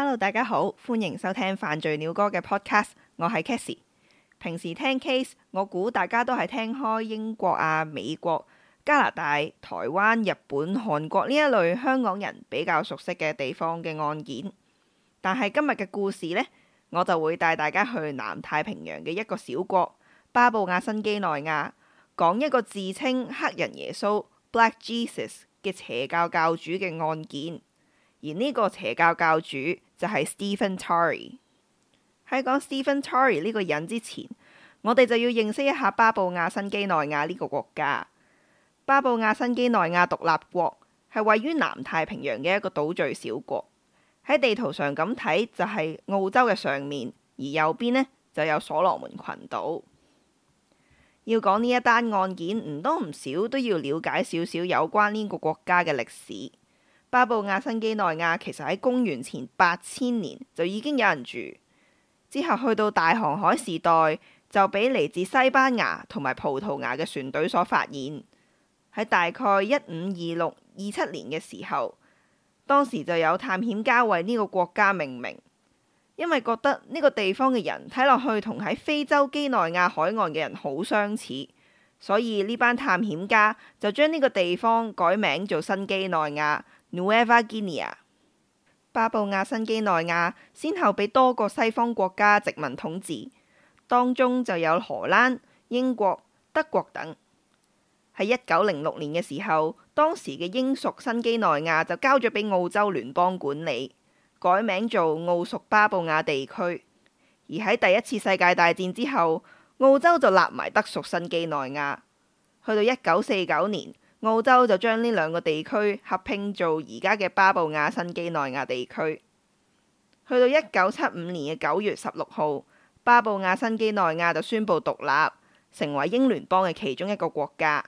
hello，大家好，歡迎收聽犯罪鳥歌嘅 podcast，我係 Casey。平時聽 Case，我估大家都係聽開英國啊、美國、加拿大、台灣、日本、韓國呢一類香港人比較熟悉嘅地方嘅案件，但係今日嘅故事呢，我就會帶大家去南太平洋嘅一個小國巴布亞新畿內亞，講一個自稱黑人耶穌 Black Jesus 嘅邪教教主嘅案件，而呢個邪教教主就係 Steven Tari。喺講 Steven Tari 呢個人之前，我哋就要認識一下巴布亞新幾內亞呢個國家。巴布亞新幾內亞獨立國係位於南太平洋嘅一個島嶼小國。喺地圖上咁睇，就係澳洲嘅上面，而右邊呢，就有所羅門群島。要講呢一單案件，唔多唔少都要了解少少有關呢個國家嘅歷史。巴布亞新幾內亞其實喺公元前八千年就已經有人住，之後去到大航海時代就俾嚟自西班牙同埋葡萄牙嘅船隊所發現。喺大概一五二六、二七年嘅時候，當時就有探險家為呢個國家命名，因為覺得呢個地方嘅人睇落去同喺非洲幾內亞海岸嘅人好相似，所以呢班探險家就將呢個地方改名做新幾內亞。新幾內亞、巴布亞新幾內亞先後俾多個西方國家殖民統治，當中就有荷蘭、英國、德國等。喺一九零六年嘅時候，當時嘅英屬新幾內亞就交咗俾澳洲聯邦管理，改名做澳屬巴布亞地區。而喺第一次世界大戰之後，澳洲就立埋德屬新幾內亞，去到一九四九年。澳洲就將呢兩個地區合併做而家嘅巴布亞新畿內亞地區。去到一九七五年嘅九月十六號，巴布亞新畿內亞就宣布獨立，成為英聯邦嘅其中一個國家。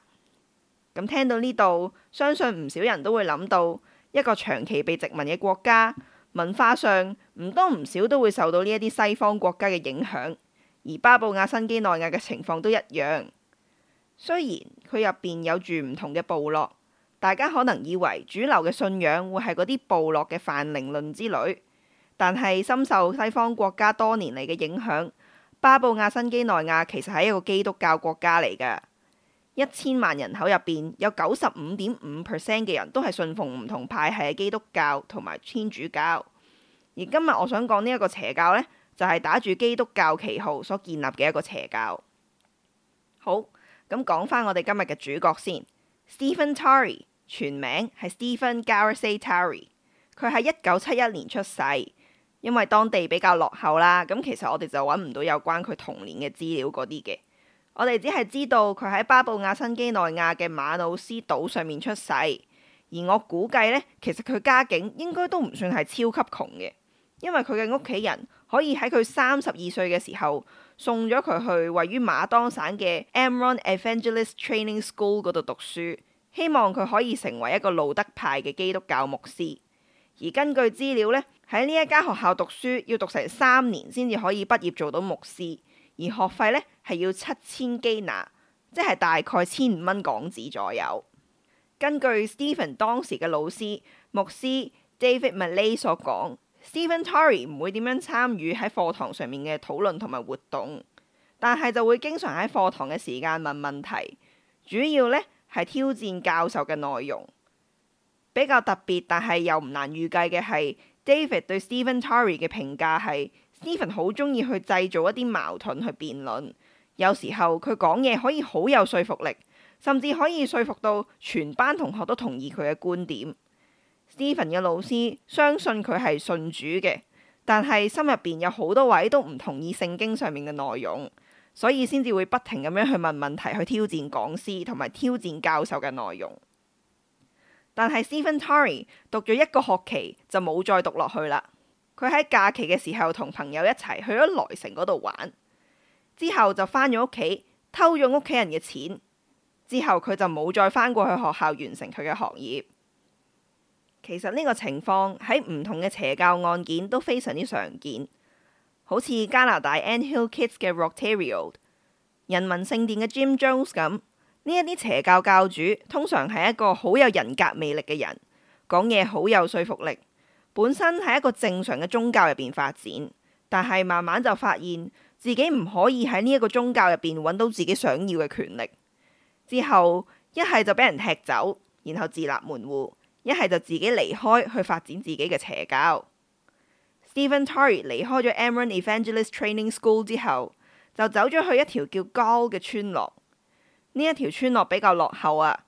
咁聽到呢度，相信唔少人都會諗到一個長期被殖民嘅國家，文化上唔多唔少都會受到呢一啲西方國家嘅影響，而巴布亞新畿內亞嘅情況都一樣。雖然佢入邊有住唔同嘅部落，大家可能以為主流嘅信仰會係嗰啲部落嘅泛靈論之類，但係深受西方國家多年嚟嘅影響，巴布亞新幾內亞其實係一個基督教國家嚟㗎。一千萬人口入邊有九十五點五 percent 嘅人都係信奉唔同派系嘅基督教同埋天主教。而今日我想講呢一個邪教呢，就係、是、打住基督教旗號所建立嘅一個邪教。好。咁講翻我哋今日嘅主角先，Steven Tari，全名係 Steven Garisei Tari，佢喺一九七一年出世。因為當地比較落後啦，咁其實我哋就揾唔到有關佢童年嘅資料嗰啲嘅。我哋只係知道佢喺巴布亞新畿內亞嘅馬瑙斯島上面出世，而我估計呢，其實佢家境應該都唔算係超級窮嘅，因為佢嘅屋企人可以喺佢三十二歲嘅時候，送咗佢去位於馬當省嘅 Amron Evangelist Training School 度讀書，希望佢可以成為一個路德派嘅基督教牧師。而根據資料呢，喺呢一間學校讀書要讀成三年先至可以畢業做到牧師，而學費呢係要七千基納，即係大概千五蚊港紙左右。根據 Stephen 當時嘅老師牧師 David Malay 所講。Steven Tari 唔會點樣參與喺課堂上面嘅討論同埋活動，但係就會經常喺課堂嘅時間問問題，主要呢係挑戰教授嘅內容。比較特別但係又唔難預計嘅係 David 對 Steven Tari 嘅評價係 Steven 好中意去製造一啲矛盾去辯論，有時候佢講嘢可以好有說服力，甚至可以說服到全班同學都同意佢嘅觀點。Steven 嘅老師相信佢係信主嘅，但係心入邊有好多位都唔同意聖經上面嘅內容，所以先至會不停咁樣去問問題，去挑戰講師同埋挑戰教授嘅內容。但係 Steven Tari 讀咗一個學期就冇再讀落去啦。佢喺假期嘅時候同朋友一齊去咗萊城嗰度玩，之後就返咗屋企偷用屋企人嘅錢，之後佢就冇再返過去學校完成佢嘅學業。其實呢個情況喺唔同嘅邪教案件都非常之常見，好似加拿大 Ant Hill Kids 嘅 Roch Thériault、人民聖殿嘅 Jim Jones 咁，呢一啲邪教教主通常係一個好有人格魅力嘅人，講嘢好有說服力，本身喺一個正常嘅宗教入邊發展，但係慢慢就發現自己唔可以喺呢一個宗教入邊揾到自己想要嘅權力，之後一係就俾人踢走，然後自立門戶。一係就自己離開去發展自己嘅邪教。Steven Tari 離開咗 Amron Evangelist Training School 之後，就走咗去一條叫高嘅村落。呢一條村落比較落後啊，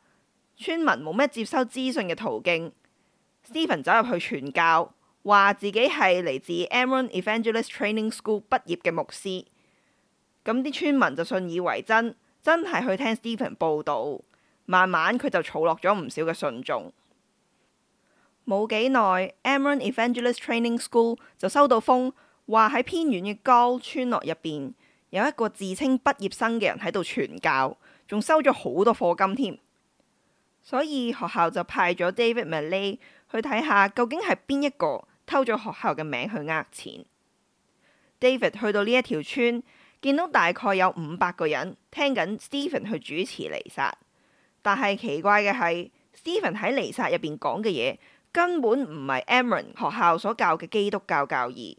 村民冇咩接收資訊嘅途徑。Steven 走入去傳教，話自己係嚟自 Amron Evangelist Training School 畢業嘅牧師。咁啲村民就信以為真，真係去聽 Steven 布道。慢慢佢就儲落咗唔少嘅信眾。冇幾耐，Emmanuel Evangelist Training School 就收到風，話喺偏遠嘅高村落入邊，有一個自稱畢業生嘅人喺度傳教，仲收咗好多課金添。所以學校就派咗 David Malley 去睇下究竟係邊一個偷咗學校嘅名去呃錢。David 去到呢一條村，見到大概有五百個人聽緊 Stephen 去主持彌撒，但係奇怪嘅係，Stephen 喺彌撒入邊講嘅嘢，根本唔係 Amron 學校所教嘅基督教教義。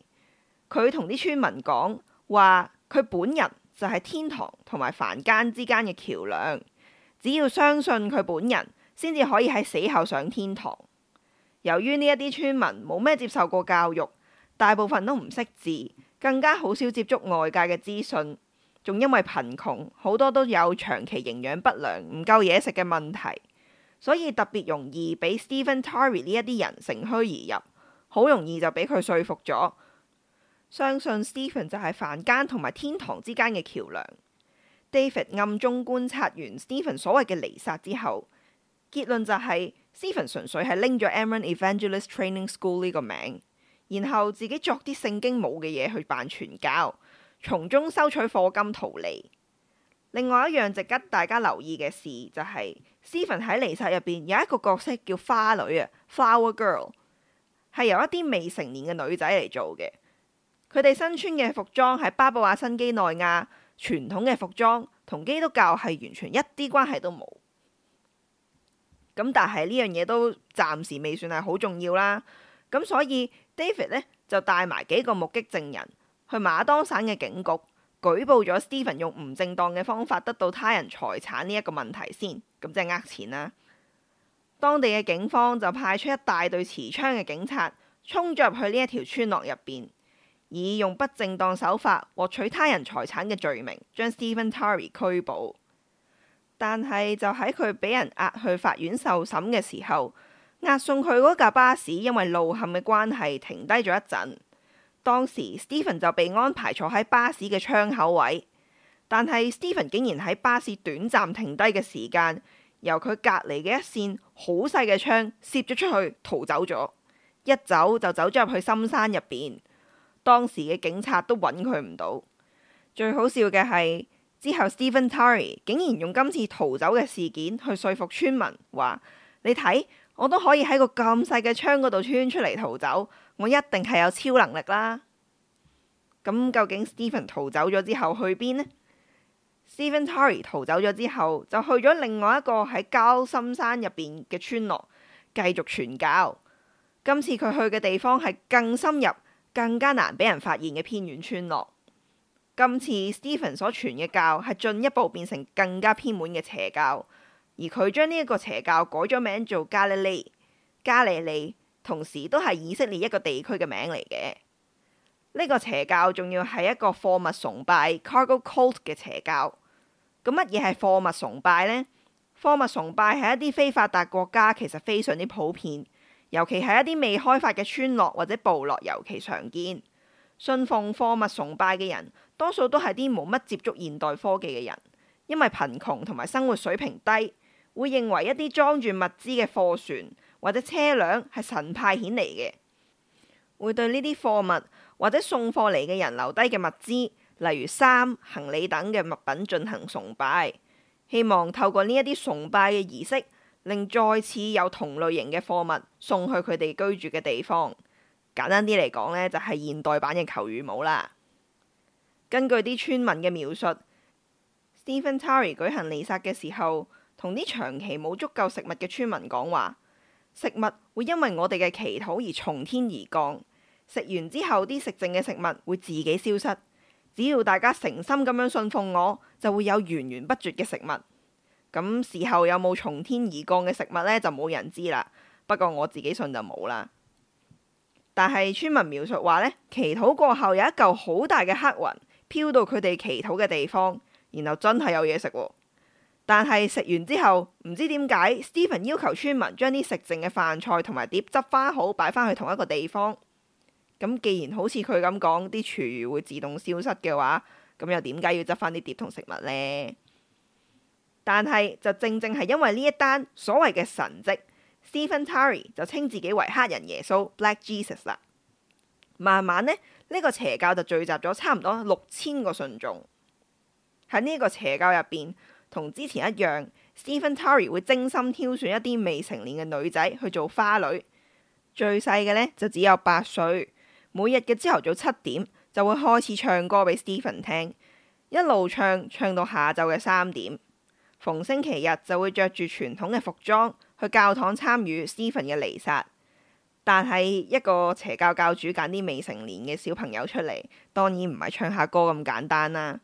佢同啲村民講話，佢本人就係天堂同埋凡間之間嘅橋梁，只要相信佢本人，先至可以喺死後上天堂。由於呢一啲村民冇咩接受過教育，大部分都唔識字，更加好少接觸外界嘅資訊，仲因為貧窮，好多都有長期營養不良、唔夠嘢食嘅問題。所以特別容易俾 Steven Tari 呢一啲人乘虛而入，好容易就俾佢說服咗。相信 Steven 就係凡間同埋天堂之間嘅橋梁。David 暗中觀察完 Steven 所謂嘅離殺之後，結論就係、是、Steven 純粹係拎咗 e m m o n Evangelist Training School 呢個名，然後自己作啲聖經冇嘅嘢去扮傳教，從中收取課金圖利。另外一樣值得大家留意嘅事，就係，就係 Steven 喺尼殺入邊有一個角色叫花女啊，Flower Girl，係由一啲未成年嘅女仔嚟做嘅。佢哋身穿嘅服裝係巴布亞新幾內亞傳統嘅服裝，同基督教係完全一啲關係都冇。咁但係呢樣嘢都暫時未算係好重要啦。咁所以 David 呢，就帶埋幾個目擊證人去馬當省嘅警局，舉報咗 Steven 用唔正當嘅方法得到他人財產呢一個問題先，咁即係呃錢啦。當地嘅警方就派出一大隊持槍嘅警察衝咗入去呢一條村落入邊，以用不正當手法獲取他人財產嘅罪名，將 Steven Tari 拘捕。但係就喺佢俾人押去法院受審嘅時候，押送佢嗰架巴士因為路陷嘅關係停低咗一陣。當時 Steven 就被安排坐喺巴士嘅窗口位，但係 Steven 竟然喺巴士短暫停低嘅時間，由佢隔籬嘅一扇好細嘅窗攝咗出去逃走咗。一走就走咗入去深山入邊，當時嘅警察都揾佢唔到。最好笑嘅係之後 Steven Tari 竟然用今次逃走嘅事件去說服村民，話你睇。我都可以喺個咁細嘅窗嗰度穿出嚟，逃走，我一定係有超能力啦。咁、嗯、究竟 Steven 逃走咗之後去邊呢？Steven Tari 逃走咗之後就去咗另外一個喺郊深山入邊嘅村落繼續傳教。今次佢去嘅地方係更深入、更加難俾人發現嘅偏遠村落。今次 Steven 所傳嘅教係進一步變成更加偏門嘅邪教。而佢將呢一個邪教改咗名做加利利。加利利同時都係以色列一個地區嘅名嚟嘅。呢個邪教仲要係一個貨物崇拜 （cargo cult） 嘅邪教。咁乜嘢係貨物崇拜呢？貨物崇拜係一啲非發達國家其實非常之普遍，尤其係一啲未開發嘅村落或者部落尤其常見。信奉貨物崇拜嘅人，多數都係啲冇乜接觸現代科技嘅人，因為貧窮同埋生活水平低。會認為一啲裝住物資嘅貨船或者車輛係神派遣嚟嘅，會對呢啲貨物或者送貨嚟嘅人留低嘅物資，例如衫、行李等嘅物品進行崇拜，希望透過呢一啲崇拜嘅儀式，令再次有同類型嘅貨物送去佢哋居住嘅地方。簡單啲嚟講呢就係、是、現代版嘅求雨舞啦。根據啲村民嘅描述 ，Steven Tari 舉行彌撒嘅時候，同啲長期冇足夠食物嘅村民講話，食物會因為我哋嘅祈禱而從天而降。食完之後，啲食剩嘅食物會自己消失。只要大家誠心咁樣信奉我，就會有源源不絕嘅食物。咁事後有冇從天而降嘅食物呢？就冇人知啦。不過我自己信就冇啦。但係村民描述話呢祈禱過後有一嚿好大嘅黑雲飄到佢哋祈禱嘅地方，然後真係有嘢食喎。但係食完之後，唔知點解，Steven 要求村民將啲食剩嘅飯菜同埋碟執返好，擺返去同一個地方。咁既然好似佢咁講，啲廚餘會自動消失嘅話，咁又點解要執返啲碟同食物呢？但係就正正係因為呢一單所謂嘅神蹟，Steven Tari 就稱自己為黑人耶穌 （Black Jesus） 啦。慢慢呢，呢、呢個邪教就聚集咗差唔多六千個信眾喺呢個邪教入邊。同之前一樣，Steven Tari 會精心挑選一啲未成年嘅女仔去做花女，最細嘅呢，就只有八歲。每日嘅朝頭早七點就會開始唱歌俾 Steven 聽，一路唱唱到下晝嘅三點。逢星期日就會着住傳統嘅服裝去教堂參與 Steven 嘅彌撒。但係一個邪教教主揀啲未成年嘅小朋友出嚟，當然唔係唱下歌咁簡單啦。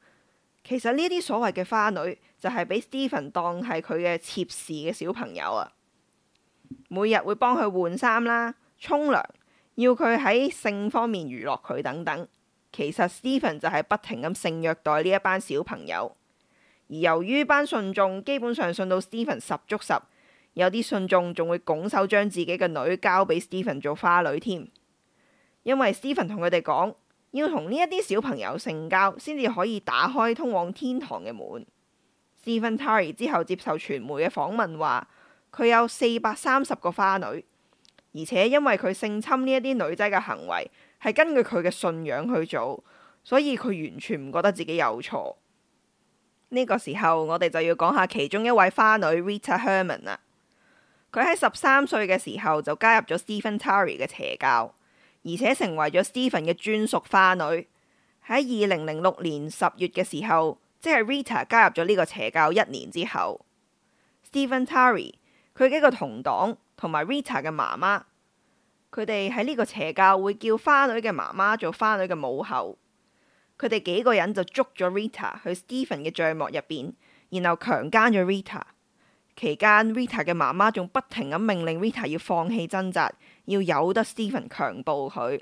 其實呢啲所謂嘅花女，就係俾 Steven 當係佢嘅妾侍嘅小朋友啊，每日會幫佢換衫啦、沖涼，要佢喺性方面娛樂佢等等。其實 Steven 就係不停咁性虐待呢一班小朋友，而由於班信眾基本上信到 Steven 十足十，有啲信眾仲會拱手將自己嘅女交俾 Steven 做花女添，因為 Steven 同佢哋講要同呢一啲小朋友性交先至可以打開通往天堂嘅門。Steven Tari 之後接受傳媒嘅訪問話，佢有四百三十個花女，而且因為佢性侵呢一啲女仔嘅行為係根據佢嘅信仰去做，所以佢完全唔覺得自己有錯。呢個時候我哋就要講下其中一位花女 Rita Herman 啦。佢喺十三歲嘅時候就加入咗 Steven Tari 嘅邪教，而且成為咗 Steven 嘅專屬花女。喺二零零六年十月嘅時候，即係 Rita 加入咗呢個邪教一年之後，Steven Tari 佢幾個同黨同埋 Rita 嘅媽媽，佢哋喺呢個邪教會叫花女嘅媽媽做花女嘅母后。佢哋幾個人就捉咗 Rita 去 Steven 嘅帳幕入邊，然後強姦咗 Rita。期間 Rita 嘅媽媽仲不停咁命令 Rita 要放棄掙扎，要由得 Steven 強暴佢，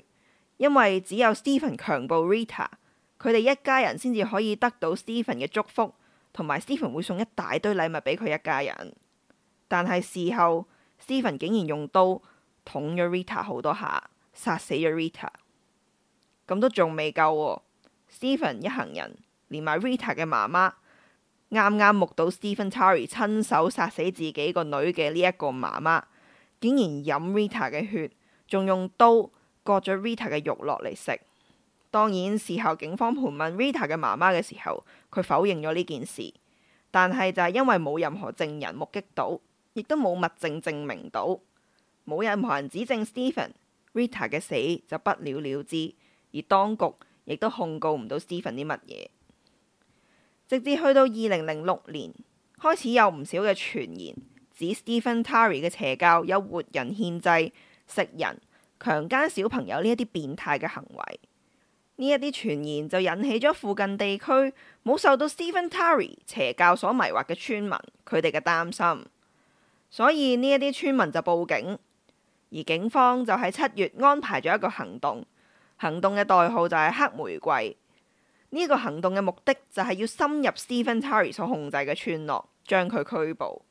因為只有 Steven 強暴 Rita。佢哋一家人先至可以得到 Steven 嘅祝福，同埋 Steven 會送一大堆禮物俾佢一家人。但係事後，Steven 竟然用刀捅咗 Rita 好多下，殺死咗 Rita。咁都仲未夠喎，Steven 一行人連埋 Rita 嘅媽媽，啱啱目睹 Steven Tari 親手殺死自己個女嘅呢一個媽媽，竟然飲 Rita 嘅血，仲用刀割咗 Rita 嘅肉落嚟食。當然，事後警方盤問 Rita 嘅媽媽嘅時候，佢否認咗呢件事。但係就係因為冇任何證人目擊到，亦都冇物證證明到，冇任何人指證 Steven。Rita 嘅死就不了了之，而當局亦都控告唔到 Steven 啲乜嘢。直至去到二零零六年，開始有唔少嘅傳言指 Steven Tari 嘅邪教有活人獻祭、食人、強姦小朋友呢一啲變態嘅行為。呢一啲傳言就引起咗附近地區冇受到 Steven Tari 邪教所迷惑嘅村民佢哋嘅擔心，所以呢一啲村民就報警，而警方就喺七月安排咗一個行動，行動嘅代號就係黑玫瑰。呢、這個行動嘅目的就係要深入 Steven Tari 所控制嘅村落，將佢拘捕。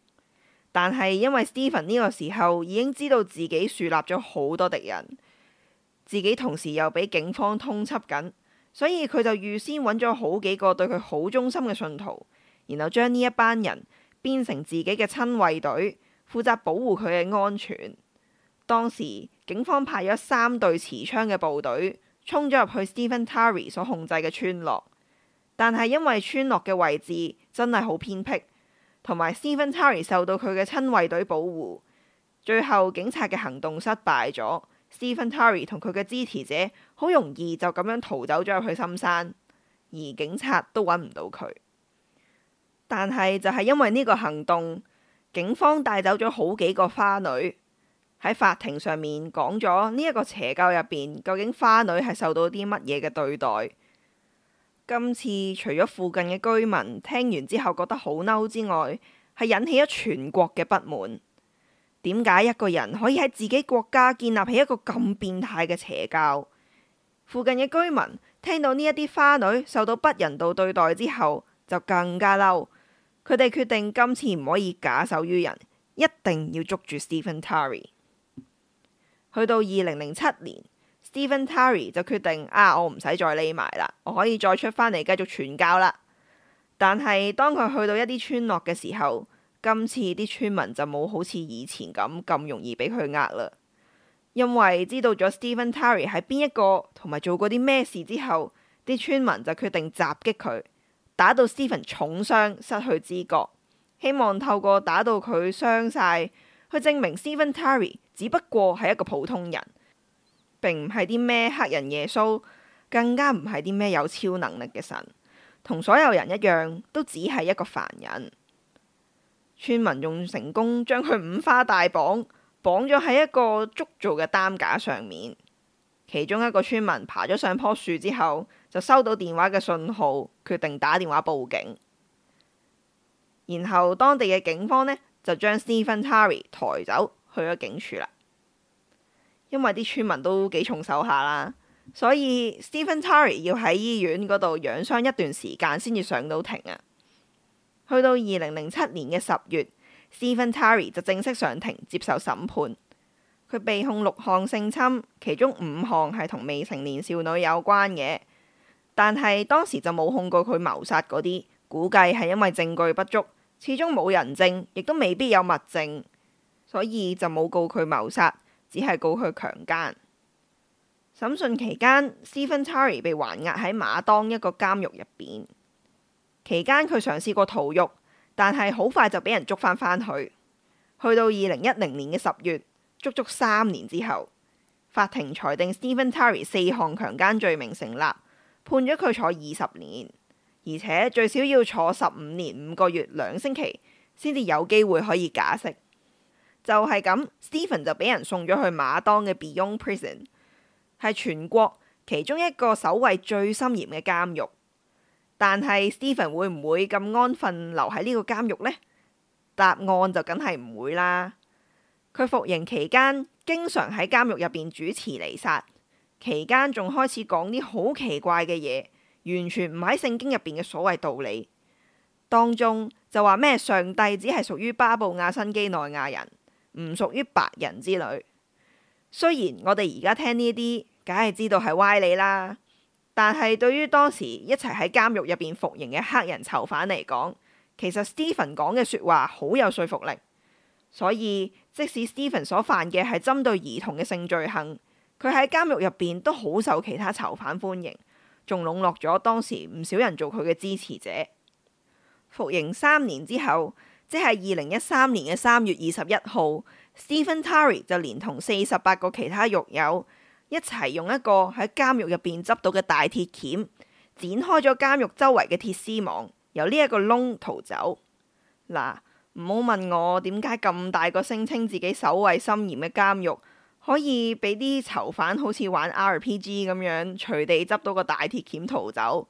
但係因為 Steven 呢個時候已經知道自己樹立咗好多敵人。自己同時又俾警方通緝緊，所以佢就預先揾咗好幾個對佢好忠心嘅信徒，然後將呢一班人變成自己嘅親衛隊，負責保護佢嘅安全。當時警方派咗三隊持槍嘅部隊衝咗入去 Steven Tari 所控制嘅村落，但係因為村落嘅位置真係好偏僻，同埋 Steven Tari 受到佢嘅親衛隊保護，最後警察嘅行動失敗咗。Steven Tari 同佢嘅支持者好容易就咁樣逃走咗入去深山，而警察都揾唔到佢。但係就係因為呢個行動，警方帶走咗好幾個花女，喺法庭上面講咗呢一個邪教入邊，究竟花女係受到啲乜嘢嘅對待。今次除咗附近嘅居民聽完之後覺得好嬲之外，係引起咗全國嘅不滿。點解一個人可以喺自己國家建立起一個咁變態嘅邪教？附近嘅居民聽到呢一啲花女受到不人道對待之後，就更加嬲。佢哋決定今次唔可以假手於人，一定要捉住 Steven Tari。去到二零零七年，Steven Tari 就決定啊，我唔使再匿埋啦，我可以再出返嚟繼續傳教啦。但係當佢去到一啲村落嘅時候，今次啲村民就冇好似以前咁咁容易俾佢呃嘞，因為知道咗 Steven Tari 係邊一個同埋做過啲咩事之後，啲村民就決定襲擊佢，打到 Steven 重傷，失去知覺，希望透過打到佢傷晒，去證明 Steven Tari 只不過係一個普通人，並唔係啲咩黑人耶穌，更加唔係啲咩有超能力嘅神，同所有人一樣，都只係一個凡人。村民用成功將佢五花大綁，綁咗喺一個竹做嘅擔架上面。其中一個村民爬咗上棵樹之後，就收到電話嘅信號，決定打電話報警。然後當地嘅警方呢，就將 Steven Tari 抬走去咗警署啦。因為啲村民都幾重手下啦，所以 Steven Tari 要喺醫院嗰度養傷一段時間先至上到庭啊。去到二零零七年嘅十月，Steven Tari 就正式上庭接受審判。佢被控六項性侵，其中五項係同未成年少女有關嘅，但係當時就冇控告佢謀殺嗰啲，估計係因為證據不足，始終冇人證，亦都未必有物證，所以就冇告佢謀殺，只係告佢強奸。審訊期間，Steven Tari 被還押喺馬當一個監獄入邊。期間佢嘗試過逃獄，但係好快就俾人捉返返去。去到二零一零年嘅十月，足足三年之後，法庭裁定 Steven Tari 四項強姦罪名成立，判咗佢坐二十年，而且最少要坐十五年五個月兩星期，先至有機會可以假釋。就係、是、咁 ，Steven 就俾人送咗去馬當嘅 Beon Prison，係全國其中一個守衞最森嚴嘅監獄。但係 Steven 會唔會咁安分留喺呢個監獄呢？答案就梗係唔會啦。佢服刑期間經常喺監獄入邊主持彌撒，期間仲開始講啲好奇怪嘅嘢，完全唔喺聖經入邊嘅所謂道理當中，就話咩上帝只係屬於巴布亞新基內亞人，唔屬於白人之類。雖然我哋而家聽呢啲，梗係知道係歪理啦。但係，對於當時一齊喺監獄入邊服刑嘅黑人囚犯嚟講，其實 Steven 講嘅説話好有說服力。所以，即使 Steven 所犯嘅係針對兒童嘅性罪行，佢喺監獄入邊都好受其他囚犯歡迎，仲籠絡咗當時唔少人做佢嘅支持者。服刑三年之後，即係二零一三年嘅三月二十一號，Steven Tari 就連同四十八個其他獄友，一齊用一個喺監獄入邊執到嘅大鐵鉗，剪開咗監獄周圍嘅鐵絲網，由呢一個窿逃走。嗱，唔好問我點解咁大個聲稱自己守衛森嚴嘅監獄，可以俾啲囚犯好似玩 RPG 咁樣，隨地執到個大鐵鉗逃走。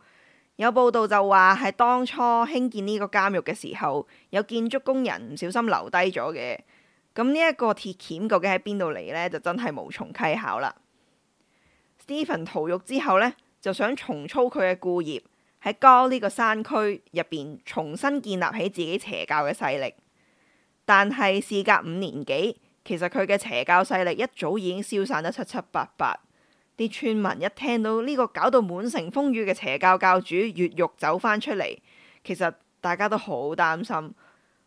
有報道就話係當初興建呢個監獄嘅時候，有建築工人唔小心留低咗嘅。咁呢一個鐵鉗究竟喺邊度嚟呢？就真係無從稽考啦。Steven 逃獄之後呢，就想重操佢嘅故業，喺哥呢個山區入邊重新建立起自己邪教嘅勢力。但係事隔五年幾，其實佢嘅邪教勢力一早已經消散得七七八八。啲村民一聽到呢個搞到滿城風雨嘅邪教教主越獄走返出嚟，其實大家都好擔心，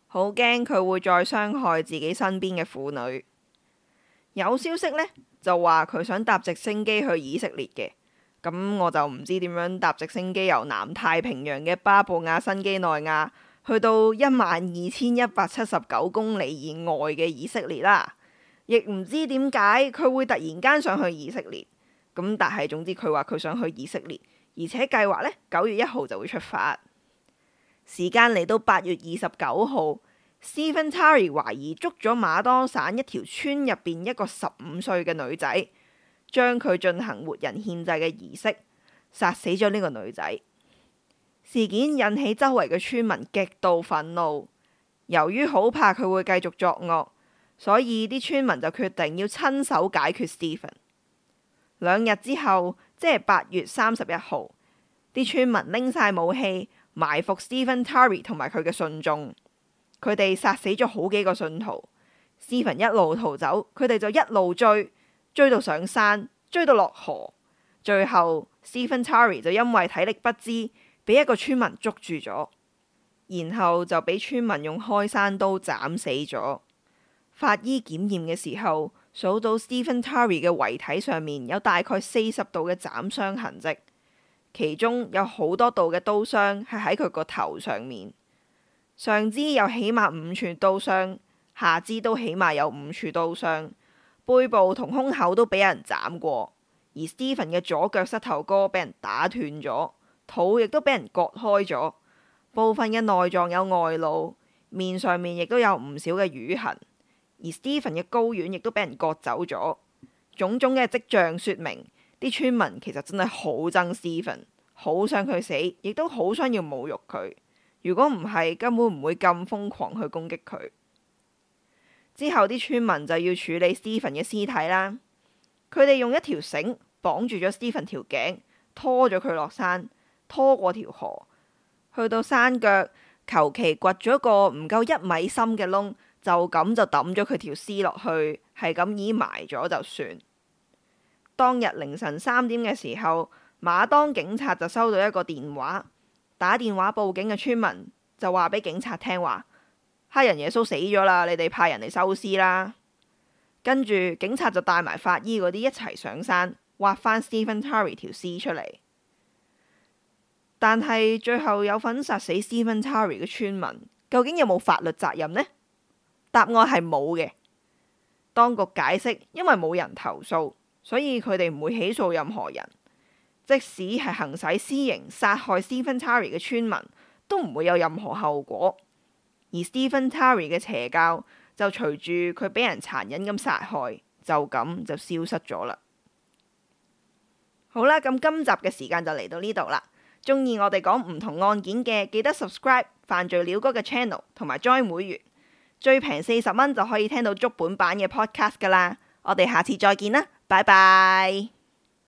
好驚佢會再傷害自己身邊嘅婦女。有消息呢，就話佢想搭直升機去以色列嘅，咁我就唔知點樣搭直升機由南太平洋嘅巴布亞新幾內亞去到一萬二千一百七十九公里以外嘅以色列啦，亦唔知點解佢會突然間想去以色列，咁但係總之佢話佢想去以色列，而且計劃呢，九月一號就會出發，時間嚟到八月二十九號。Steven Tari 懷疑捉咗馬當省一條村入邊一個十五歲嘅女仔，將佢進行活人獻祭嘅儀式，殺死咗呢個女仔。事件引起周圍嘅村民極度憤怒，由於好怕佢會繼續作惡，所以啲村民就決定要親手解決 Steven。兩日之後，即係八月三十一號，啲村民拎晒武器埋伏 Steven Tari 同埋佢嘅信眾。佢哋殺死咗好幾個信徒，Steven 一路逃走，佢哋就一路追，追到上山，追到落河，最後 Steven Tari 就因為體力不支，俾一個村民捉住咗，然後就俾村民用開山刀斬死咗。法醫檢驗嘅時候，數到 Steven Tari 嘅遺體上面有大概四十度嘅斬傷痕跡，其中有好多度嘅刀傷係喺佢個頭上面。上肢有起碼五處刀傷，下肢都起碼有五處刀傷，背部同胸口都俾人斬過，而 Steven 嘅左腳膝頭哥俾人打斷咗，肚亦都俾人割開咗，部分嘅內臟有外露，面上面亦都有唔少嘅瘀痕，而 Steven 嘅睾丸亦都俾人割走咗，種種嘅跡象說明，啲村民其實真係好憎 Steven，好想佢死，亦都好想要侮辱佢。如果唔係，根本唔會咁瘋狂去攻擊佢。之後啲村民就要處理 Steven 嘅屍體啦。佢哋用一條繩綁住咗 Steven 條頸，拖咗佢落山，拖過條河，去到山腳，求其掘咗個唔夠一米深嘅窿，就咁就抌咗佢條屍落去，係咁意埋咗就算。當日凌晨三點嘅時候，馬當警察就收到一個電話。打電話報警嘅村民就話俾警察聽話：黑人耶穌死咗啦，你哋派人嚟收屍啦。跟住警察就帶埋法醫嗰啲一齊上山挖返 Steven Tari 條屍出嚟。但係最後有份殺死 Steven Tari 嘅村民，究竟有冇法律責任呢？答案係冇嘅。當局解釋，因為冇人投訴，所以佢哋唔會起訴任何人。即使係行使私刑殺害 Steven Tari 嘅村民，都唔會有任何後果。而 Steven Tari 嘅邪教就隨住佢俾人殘忍咁殺害，就咁就消失咗啦。好啦，咁今集嘅時間就嚟到呢度啦。鍾意我哋講唔同案件嘅，記得 subscribe 犯罪鳥歌嘅 channel 同埋 join 會員，最平四十蚊就可以聽到足本版嘅 podcast 噶啦。我哋下次再見啦，拜拜。